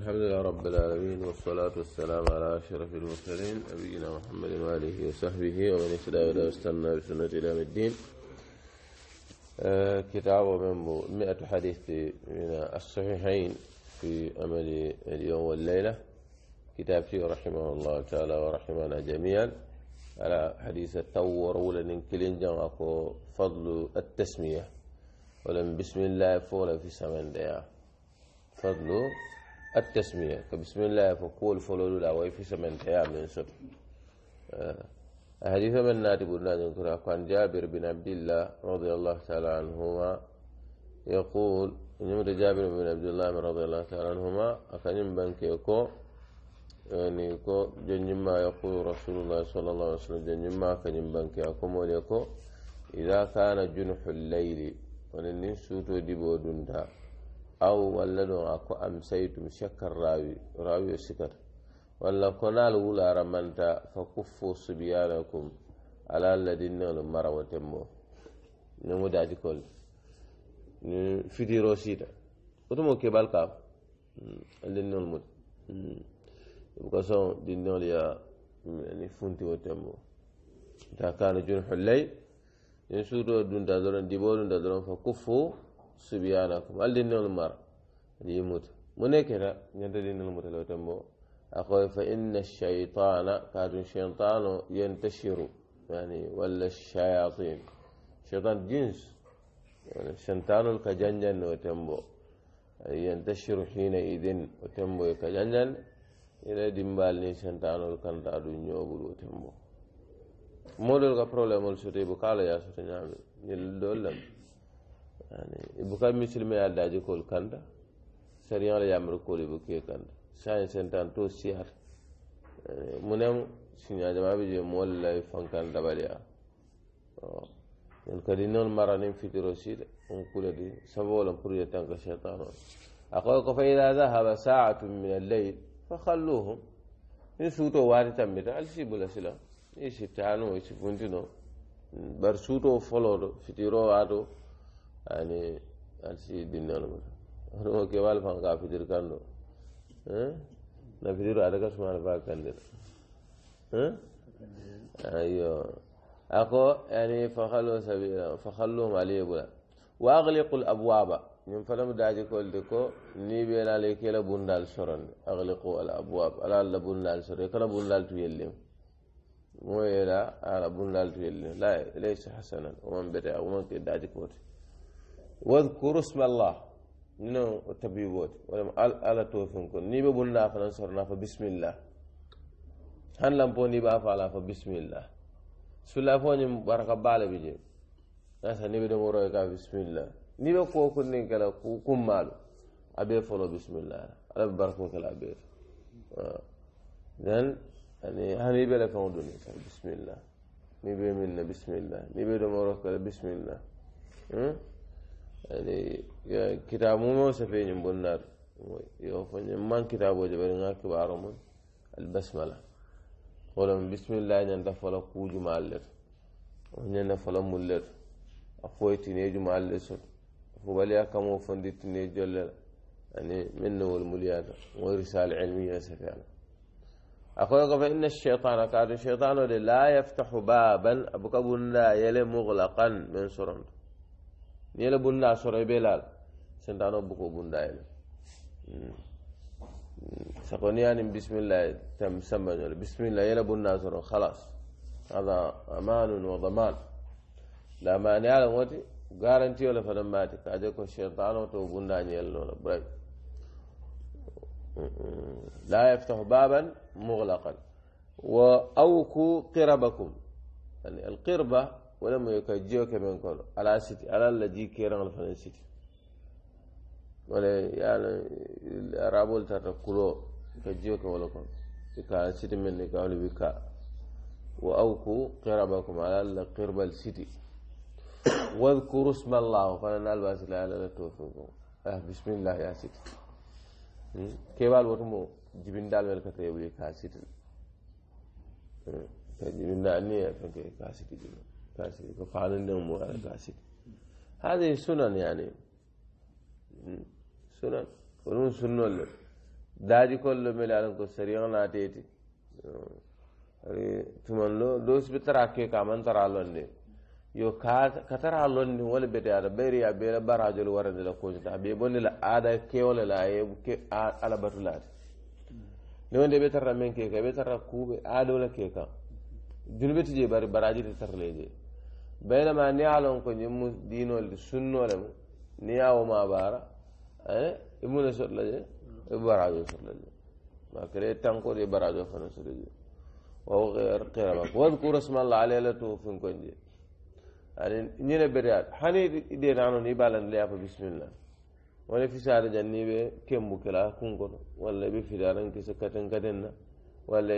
الحمد لله رب العالمين والصلاة والسلام على أشرف المرسلين نبينا محمد وآله وصحبه ومن اهتدى إلى استنى بسنة إلى الدين آه، كتاب من مئة حديث من الصحيحين في أمل اليوم والليلة كتاب فيه رحمه الله تعالى ورحمنا جميعا على حديث التور ولن كلين جمعكو فضل التسمية ولم بسم الله فولا في سمن فضل التسمية بسم الله فقول فلول الأوي في سمن تيا من سب حديث من ناتب الناجم عن جابر بن عبد الله رضي الله تعالى عنهما يقول نمر جابر بن عبد الله من رضي الله تعالى عنهما بنك يكو يعني كو جنجما يقول رسول الله صلى الله عليه وسلم جنجما يكو مول يكو إذا كان جنح الليل ولن سوتو دبو دندا aw walladon ako amsaytum shakkar rawi rawiyo sikar walla konal wulara manta fa kuffu subyanakum ala alladinnalu marawoten mo nemu daji kol ni fitiro sita otumo kebal kam hmm, aldinnol mut ɗum hmm. koson dinnol ya ni funti funtiwo tembo. ta kana junhu ley in suuto dunta doron dibo ta doron fa kuffu صبيانكم قال لنا المرء يموت منكرة ينتدين الموت لو تمو أقول فإن الشيطان كاد الشيطان ينتشر يعني ولا الشياطين شيطان جنس يعني الشيطان الكجنجن وتمو ينتشر حينئذ وتمو كجنجن إلى دمبال ني شيطان الكنتا دنيو بلو تمو مولو البروبليم السوتي بقال يا سوتي نعم دول yani ibuka misilme ya daji kol kanda sariyan la yamru kol ibuke kanda sayin sentan to sihar munem sinya jama bi je mol la fankan dabaliya en kadi non maranin fitiro sida on kula di sabola pour ya tanka shaytanon أقول فإذا إذا ذهب ساعة من الليل فخلوهم إن سوتو واري تمبيتا ألسي بلا سلا يشي تانو يشي فنتنو بر سوتو فلو فتيرو آتو يعني أرسي دنيا نمر هو كيوال فان كافي دير كانو ها نفيرو على كاش مال با ها أيوه أكو يعني فخلوا سبيلا فخلوهم عليه بلا وأغلقوا الأبواب من فلم داجي كل دكو ني بيلا ليك لا بوندال شرن أغلقوا الأبواب ألا لا بوندال شرن كلا بوندال تيلم مو لا ألا بوندال تيلم لا ليس حسنا ومن بدأ ومن كداجي كوتي واذكروا اسم الله نينو تبيبوت ولم ال ال توفنكم نيبه بولنا فلان سرنا فبسم الله هن لم بوني با فلا فبسم الله سلا فوني بركة بالا بيجي ناس نيبه دمورو كا بسم الله نيبه كو كن كلا مالو أبي فلو بسم الله على بركة كلا أبي إذن آه. يعني هنيبه لك دوني بسم الله نيبه منا بسم الله نيبه دمورو كلا بسم الله يعني كتاب ان سفين بنار يوفن من كتاب وجبر كبار من البسملة قولهم بسم الله أن تفعل كوج مالر أن تفعل مولر أخوي تنيج مالر سر فبليا كم وفن دي تنيج مالر يعني منه والمليات ورسالة علمية سفينة أقول لك فإن الشيطان قال الشيطان لا يفتح بابا أبو كبنا يلي مغلقا من سرنته ni yele bunda soro e be laal sentano buko bunda yele sakoniyanin bismillah tam sambañole bismillah yele bunda soro halas hada amanun wa daman la mani ala ngoti garanti ole fana mati kaje ko sentano to bunda ñellola bray لا يفتح بابا مغلقا وأوكوا قربكم يعني القربة wala mu ka jio ke men kono ala siti ala la ji kera ngal fane siti wala ya la arabol ta ta kulo ka jio ke wala kono ka siti men ni ka wala bi ka wa awku qira ba kum ala la qirbal siti wani dhkuru isma allah qala nal basi la ala tawfiq ah bismillah ya siti hmm? ke wal wotu mo jibin dal wel ka tebi ka siti hmm? ka jibin dal ni ya ka siti jibin الكلاسيك وقال لهم على الكلاسيك هذه سنن يعني سنن ونون سنن దాది కొల్లు మేలాలనుకో సరిగా నాటేటి అది తుమన్లో దోసి బిత్తర అక్కే కామంతరాలోని yo katara lonni wala bete ada beri ya bela barajol warande la ko ta be bonni la ada kewle la e ke ala batulati ne wonde be tarra men ke ke be tarra kube ado la ke ka junube tije bari baraji tarleje بينما ني علون كو نيم دينو السنه لم ني او ما بارا ايه يمون سوتلا جي براجو سوتلا جي ما كري تانكو دي براجو فنا سوتلا جي وهو غير قرابك واذكر اسم الله عليه لتو فين كونجي يعني ني بريات حني دي نانو ني بالان ليا بسم الله wani fisare janni be kembu kila kunkono walla be fidaran kisa katen katen na walla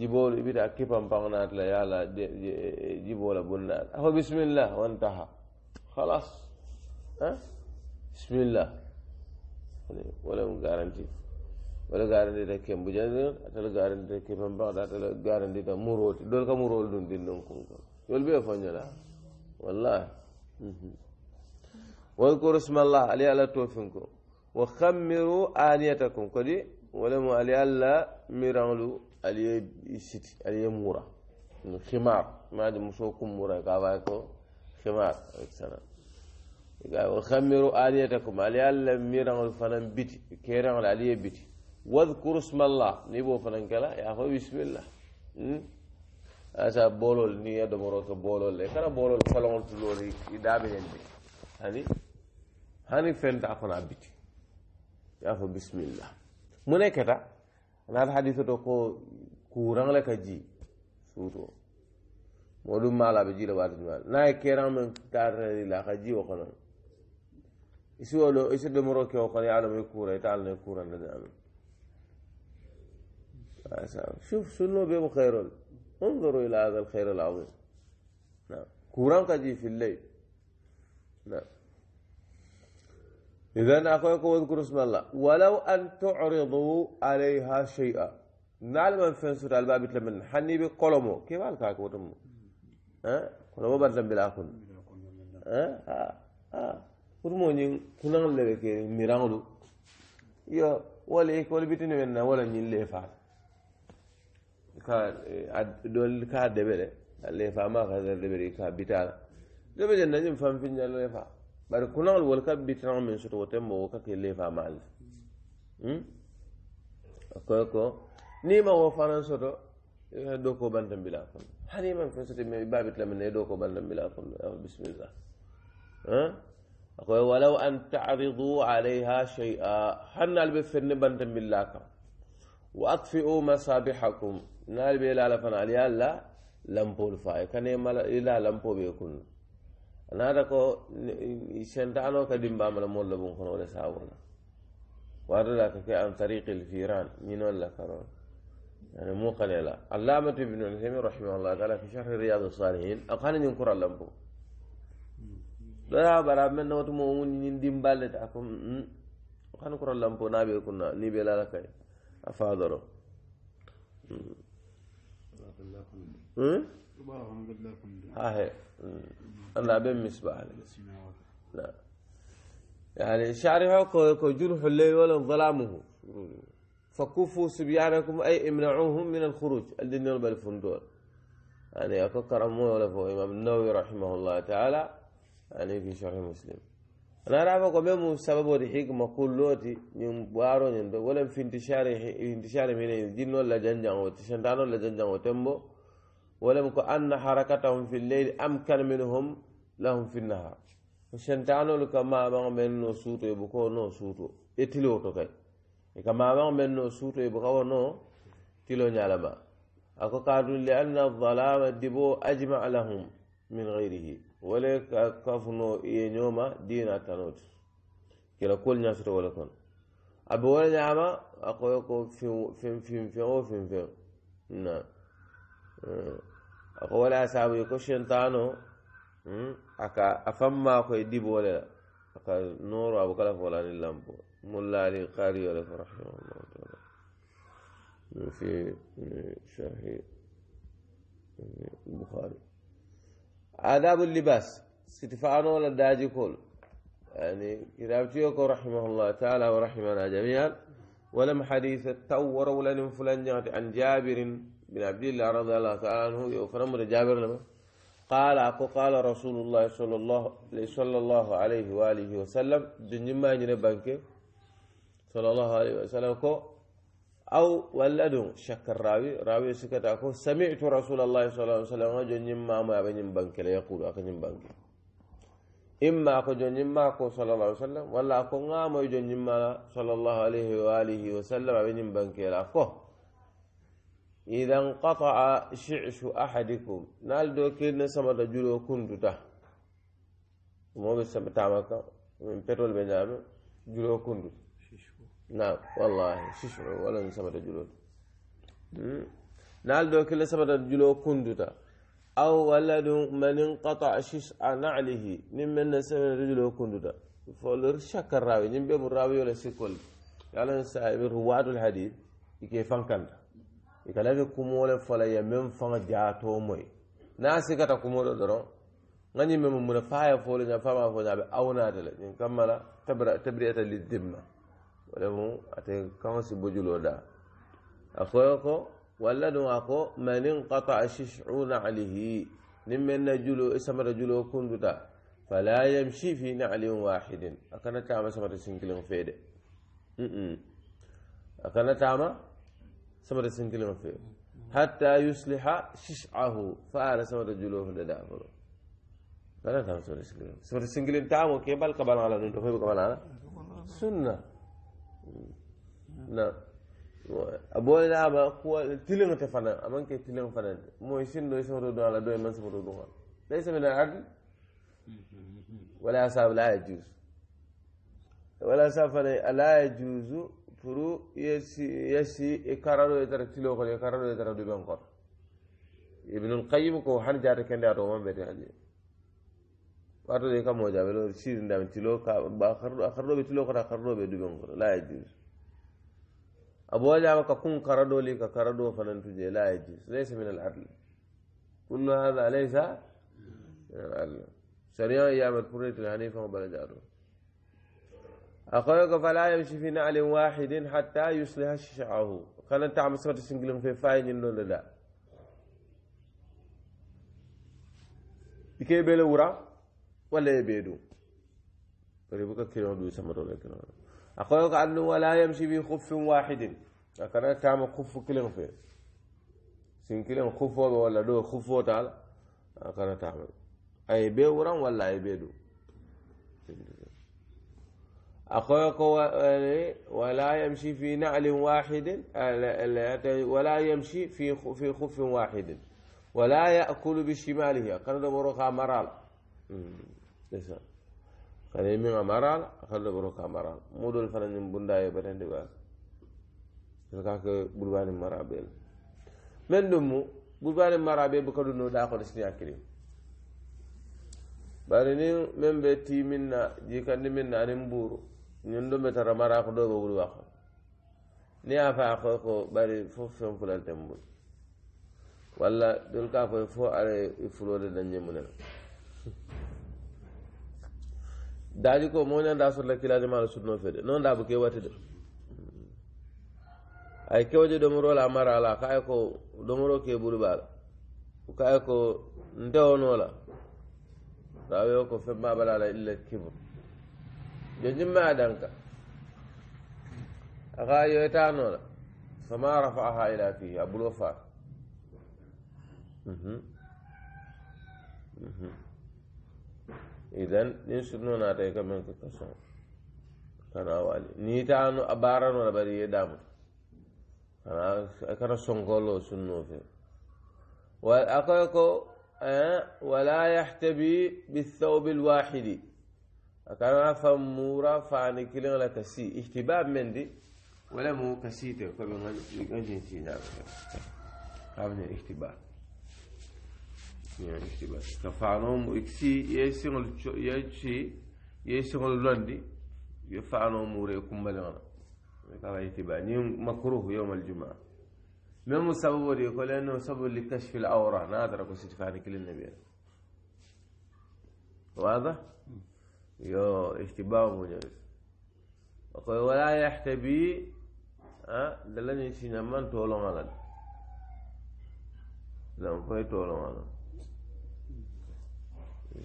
جبول إبدا كيفم بغنات لا يالا جبول بنات أهو بسم الله وانتهى خلاص ها بسم الله ولا غارنتي ولا غارنتي ده كم بجد أتلا غارنتي كيفم بغنات أتلا غارنتي ده مروت دول كمرول دون دين دون كم يقول بيه فنجلا والله واذكروا اسم الله علي على توفنكم وخمروا آنيتكم كدي ولم علي الله ميرانلو aliye siti aliye mura khimar maadi muso kum mura ka ba ko khimar excellent ga wa khamiru aliyatakum ali alla miran fanan biti keran aliye biti wadhkuru smallah ni bo fanan kala ya fa bismillah asa bolol ni ya do moro ko bolol le kala bolol falon tulori idabe den be hani hani fenta kono abiti ya fa bismillah muneketa لا حديث تقول كوران لك جي سوتو مولو ما لا بجي لوارد جمال نا كيران من تار لا جي وقنا يسو لو يسو دو مروك وقنا يعلم يكورا يتعال نكورا لدام شوف سنو بيب خير انظروا الى هذا الخير العظيم نعم كوران كجي في الليل نعم إذا أخوك اذكروا اسم الله ولو أن تعرضوا عليها شيئا نعلم في سورة الباب يتلمن حني بقلمو كيف قال كاك ورمو ها قلمو برزم بالآخر ها ها ها ورمو نين كنان لبك ميرانو يا ولا إيك ولا بيتني منا ولا نين لفعل كان دول كاد دبره اللي فما هذا دبري كاد بيتال دبر جنة جم فم فين جل لفعل bari kunaŋol wolu ka bitinaŋo miŋ soto wo te moo wo ka ke leefa maali a koye ko niŋ ma wo fanaŋ soto dooko bantan bila a kono hani maŋ feŋ soto i baa bitila miŋ na i dooko bantan bila a kono bisimilla a koye walaw an taridu alayha shay'a hani naalu be feŋ ne bantan billa a kaŋ wa atfi'u masabihakum naalu be la a la fanaŋ ali ye a la lampoolu faa i kana i la lampoo be kunna anaata ko sentano ka dimbamala moolu le bun kono wo le saabu la waatoda ka ke an tariqi lfiran ñinoolu la karoon يعني مو قليلة علامة ابن الهيم رحمه الله تعالى في شرح رياض الصالحين أقان ينكر اللمبو لا برا من نوت مؤمن يندم بالت أكم أقان ينكر اللمبو نابي كنا نبي لا لك أفادرو آه أنا بين مسبح لا يعني شعرها كو جرح الليل ولا ظلامه فكفوا سبيانكم أي امنعوهم من الخروج الدنيا بالفندور يعني أكثر أمو ولا فو إمام النووي رحمه الله تعالى يعني في شرح مسلم أنا أعرف قبل سبب مقول لوتي يوم بارون ولا في انتشار انتشار من الجن ولا جنجان وتشنتان ولا جنجان وتمبو ولم أن حركتهم في الليل أمكن منهم لهم في النهار شنتانو لك ما بان من نو سوتو يبكو نو سوتو يتلو توكاي إذا ما بان من نو سوتو يبكو نو تلو نعلم أكو قالوا لأن الظلام الدبو أجمع لهم من غيره ولك كفنو ينوما دينا تنوت كلا كل ناس ولكن أبو ولا نعمة أقول لكم في في في في في في نعم. أه، أقول أصحاب يكشين تانو أكا أفهم ما كوي دي بولا أكا نور أبو كلا فلان اللامبو ملا لي قاري ولا فرح الله تعالى في شهيد البخاري آداب اللباس ستفعنا ولا داجي كل يعني كتابتيوك رحمه الله تعالى ورحمنا جميعا ولم حديث التور ولن فلان عن جابر بن عبد الله رضي الله تعالى عنه يكرم جابر لما قال أكو قال رسول الله صلى الله صلى الله عليه وآله وسلم دنجما ينجن بانك صلى الله عليه وسلم كو أو ولد شك الراوي راوي سكت أكو سمعت رسول الله صلى الله عليه وسلم دنجما ما بنجم بانك لا يقول أكنجم بانك إما أكو جنجما أكو صلى الله عليه وسلم ولا أكو غامو جنجما صلى الله عليه وآله وسلم بنجم بانك لا أكو إذا انقطع شعش أحدكم نال دو كيرنا سمد جلو كنتتا ومو بسمتامك من بترول بنام جلو كنتو نعم والله ششع ولا سمد جلو نال دو كيرنا سمد جلو كنتتا أو ولد من انقطع ششع نعله نمن سمد جلو كنتتا فولر شكر راوي نمبي مراوي ولا سيكول يعلن سايبر رواد الحديث يكيفان كنتا i ka lafi kumo le fo la ye meŋ faŋa jaato moyi niŋ a sikata kumo do doroŋ ŋa ñiŋ meŋ mumuna faa ye fo le ña faa a be awnaate le ñiŋ kamma la tabiriyata li dimma mu ate kaŋo si bojuloo daa a koyo ko walla ɗum a ko man inqataa shishu naclihi nin men julo kunduta fala yamshi fi naclin wahidin a kana taama samata sinkiliŋ fee de a سمر ما فيه حتى يصلح ششعه فعل سمر جلوه لدافر فلا تام سمر سنكلم سمر سنكلم تامو كيبال قبل على نندو فيبو قبل على سنة نعم أبوه لا أبا هو تلين تفنى أمان كي تلين فنى مو يسين دو يسمر دو على دو يمان سمر دو ليس من العدل ولا أصاب لا يجوز ولا أصاب لا يجوز furu yesi ikararo yetara tilo kono ikararo yetara duɓen kono ibnul qayim ko han jata kende ato man ɓete aje wato de kam mojaɓe ɗo sirindami tilo akarroɓe tilo kono akarroɓe duɓen kono la yajus abo wajama ka kun karaɗoli ka karaɗo fanantuje la yajus laysa min al adl kullu hada laysa min al adl sharia yamat pour retile hanifan ko bala jaɗo أخوك فلا يمشي في نعل واحد حتى يصلح شعره كان أنت عم صوت سنجلون في فاين إنه لا يكي بلورا ولا يبيدو ريبوكا كيلو دو سمرو لكن أخوك أنه ولا يمشي في خف واحد كان أنت عم خف كيلو في سنكيلو خفو ولا دو خفو تعالى كان تعمل أي بيورا ولا يبيدو أخوك ولا يمشي في نعل واحد ولا يمشي في في خف واحد ولا يأكل بشماله له بروكا مرال قرد من مرال له بروكا مرال مودو الفرن بندا يبتن دبا كاك بلوان مرابيل من دمو بلوان مرابيل بكدو نو داخل سنيا كريم bari ni men be timinna jikandi منا na anin buuru ñun ɗum ɓe tara mara ko ɗoɓe wuri wako ni a fa koy ko ɓari fof fen fulalten mbul walla ɗol ka koye fo ara i fulode dañe munena daaji ko moñanda sotla kiladima ala sutno fede noon daabo ke wati de ay kewje ɗomoro la mara ala ka ay ko ɗomoro ke ɓuri ɓaala ka ay ko ndewonola rawe o ko femma baɗala illa kibre جنجم ما دانك أغاية يتانونا فما رفعها إلى فيه أبو الوفاة إذن ننسبنا تيك من كتصان كان أولي نيتانو أبارانو لبريه دامو أنا أكرا سنقولو سنو فيه وأقول آه، ولا يحتبي بالثوب الواحد أكان أفهم مورا فاني كلين على كسي اهتباب مندي ولا مو كسي تي كم طيب، من عندي تي نعم كابن اهتباب يعني اهتباب كفانوم اكسي يسون يجي يسون لوندي يفانوم مورا يكون ملانا هذا اهتباب نيم يعني مكروه يوم الجمعة ما هو سبب يقول لأنه سبب لكشف الأوراق نادر أكو سيتفاني كل النبي واضح؟ يو اشتباه مجاز وقال ولا يحتبي أه دلني سينمان تولون على لم فاي تولون على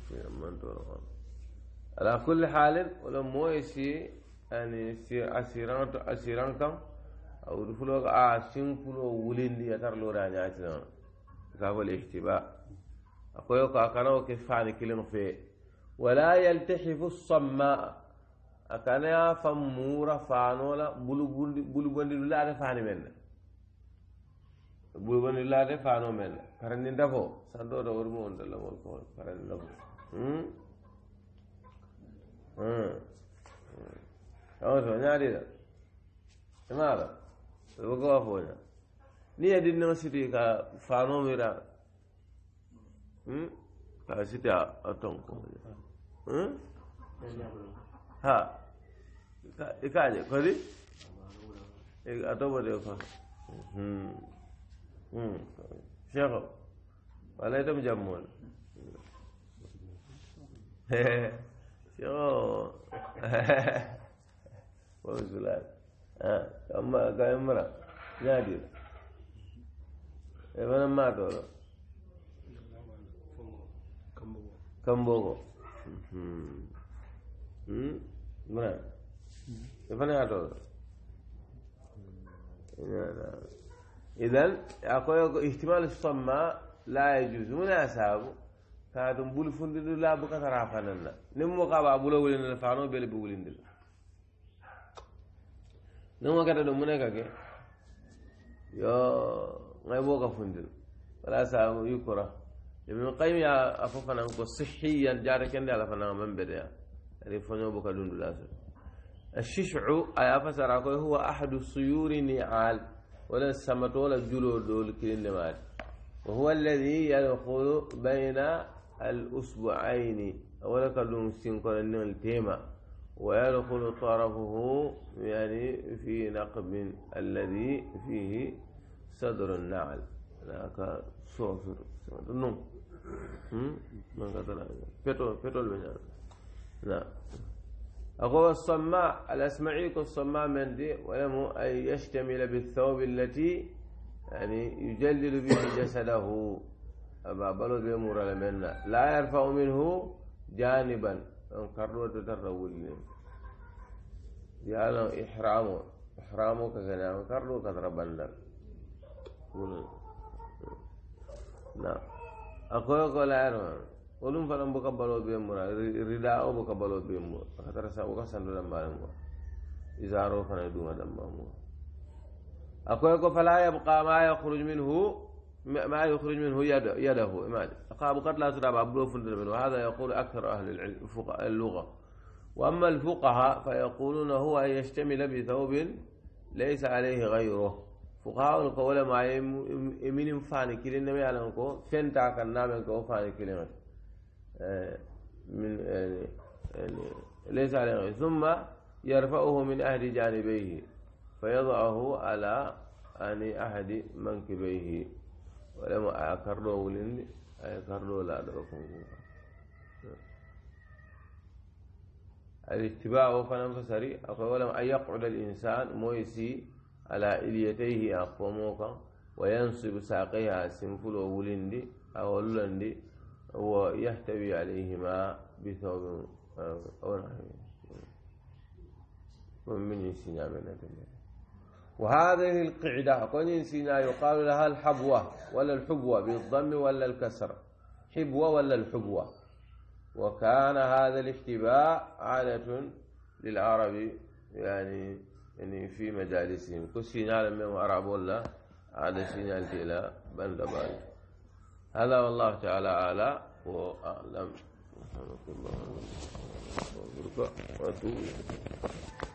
سينمان تولون على على كل حال ولو مو يسي يعني سي أسيران أسيران كم أو دفلو أسيم فلو ولين دي أتر لورا نعتنا كافو اشتباه أقول كأكنا وكيف فعل كلمة في wala yaltahifu samma akana fam mura fanola bulu fani la de fano mel karani ndafo wor mo on mo ko karani ndafo awoto ñaɗiɗa emaɗa afo foña ni edi no siti ka mira hmm a siti a tonko ha ikaje kodi atobode ko cheikh walay tam jammol cheikh وزلال ها كم كم مرة نادر ابن ما دور kambogo mana ifana ya to idan akwai ihtimal samma la yajuz muna sabu kaadum bul fundidu la buka tara fananna nim mo kaba bulo wulin la fano bele bu wulin dil nim mo kata do mune ka ke yo ngay boka fundil wala sabu yukura ابن القيم يا أفوفنا نقول صحيا جارك اللي على فنان من بدأ ريفونيو بك دون دلازل الششع أي أفسر أقول هو أحد الصيور نعال ولا السمت ولا الجلو دول كلين وهو الذي يدخل بين الأسبوعين ولا كلون كدون سينكون التيمة ويدخل طرفه يعني في نقب الذي فيه صدر النعل هناك صوصر نوم من قتل فتول فتول نعم الصماء الأسمعيك الصماء من دي ولم أن يشتمل بالثوب التي يعني يجلل به جسده أما بلو بمورا لمن لا يرفع منه جانبا انكروا انقروا تترول يعني إحرامه إحرامه كذا انكروا كذا نعم أخويا قال أيرون ولم فلم بقبلوا بهم مرا رداء بقبلوا بهم مرا فترى سأوكا سندو دم بارم مرا إذا أروف أنا دوما دم بارم مرا أقول قال فلا يبقى ما يخرج منه ما يخرج منه يد يده إمادي أقول قد لا ترى عبد الله فندر منه هذا يقول أكثر أهل اللغة وأما الفقهاء فيقولون هو أن يشتمل بثوب ليس عليه غيره فقاول قول ما يمين فاني كيلين نبي على انكو فين تاكا نام انكو فاني كيلين اه من ليس عليه ثم يرفعه من اهل جانبيه فيضعه على اني احد منكبيه ولم اكرره لني اكرره لا لكم الاتباع فلم فسري اقول ولم ان يقعد الانسان مويسي على إليتيه أقوموكا وينصب ساقيها سنفل وولندي أو لندي ويحتوي عليهما بثوب آه، أو نحو ومن سنا من وهذه القعدة كون ينسينا يقال لها الحبوة ولا الحبوة بالضم ولا الكسر حبوة ولا الحبوة وكان هذا الاحتباء عادة للعرب يعني يعني في مجالسهم كسينا على من أرعب ولا على سينا إلى بند بال هذا والله تعالى على وأعلم سبحانك اللهم وبحمدك وأتوب إليك